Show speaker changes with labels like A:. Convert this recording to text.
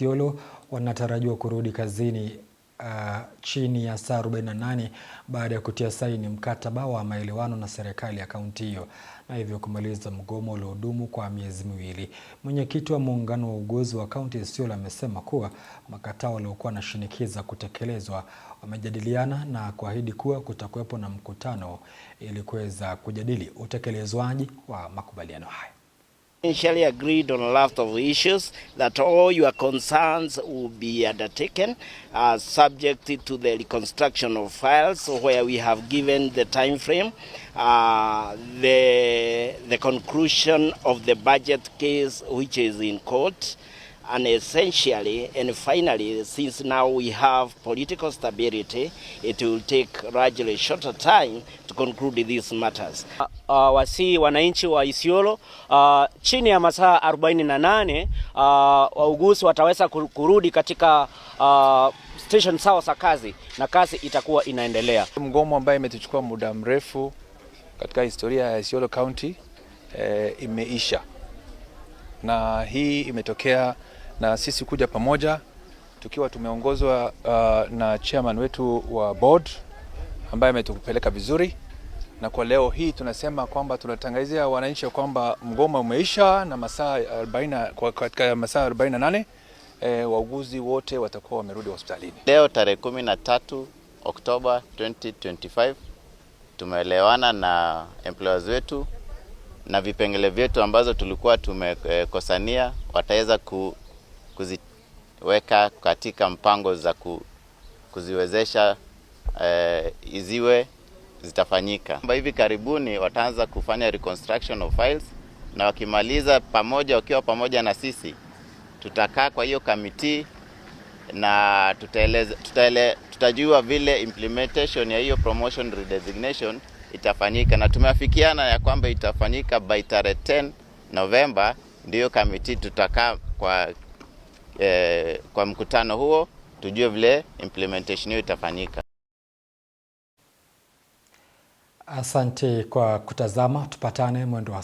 A: Isiolo wanatarajiwa kurudi kazini uh, chini ya saa 48 baada ya kutia saini mkataba wa maelewano na serikali ya kaunti hiyo na hivyo kumaliza mgomo uliodumu kwa miezi miwili. Mwenyekiti wa muungano wa uuguzi wa kaunti Isiolo amesema kuwa makatao waliokuwa wanashinikiza kutekelezwa wamejadiliana na kuahidi kuwa kutakuwepo na mkutano ili kuweza kujadili utekelezwaji wa makubaliano hayo.
B: Initially agreed on a lot of issues that all your concerns will be undertaken uh, subject to the reconstruction of files where we have given the time frame uh, the, the conclusion of the budget case which is in court and essentially and finally since now we have political stability it will take largely shorter time to conclude these matters. Uh,
A: uh, wasi wananchi wa Isiolo uh, chini ya masaa 48 uh, wauguzi wataweza kurudi katika uh, station zao za kazi na kazi itakuwa inaendelea.
C: Mgomo ambaye imetuchukua muda mrefu katika historia ya Isiolo County eh, imeisha na hii imetokea na sisi kuja pamoja tukiwa tumeongozwa uh, na chairman wetu wa board ambaye ametupeleka vizuri, na kwa leo hii tunasema kwamba tunatangazia wananchi kwamba mgomo umeisha na masaa 40 katika masaa 48 e, eh, wauguzi wote watakuwa wamerudi hospitalini.
D: Leo tarehe 13 Oktoba 2025 tumeelewana na employers wetu na vipengele vyetu ambazo tulikuwa tumekosania wataweza ku, kuziweka katika mpango za ku, kuziwezesha eh, iziwe zitafanyika hivi karibuni. Wataanza kufanya reconstruction of files, na wakimaliza pamoja, wakiwa pamoja na sisi, tutakaa kwa hiyo kamiti na tutaeleza, tutaele, tutajua vile implementation ya hiyo promotion redesignation itafanyika, na tumeafikiana ya kwamba itafanyika by tarehe 10 Novemba. Ndiyo kamiti tutakaa kwa, eh, kwa mkutano huo tujue vile implementation hiyo itafanyika. Asante kwa kutazama, tupatane mwendo wa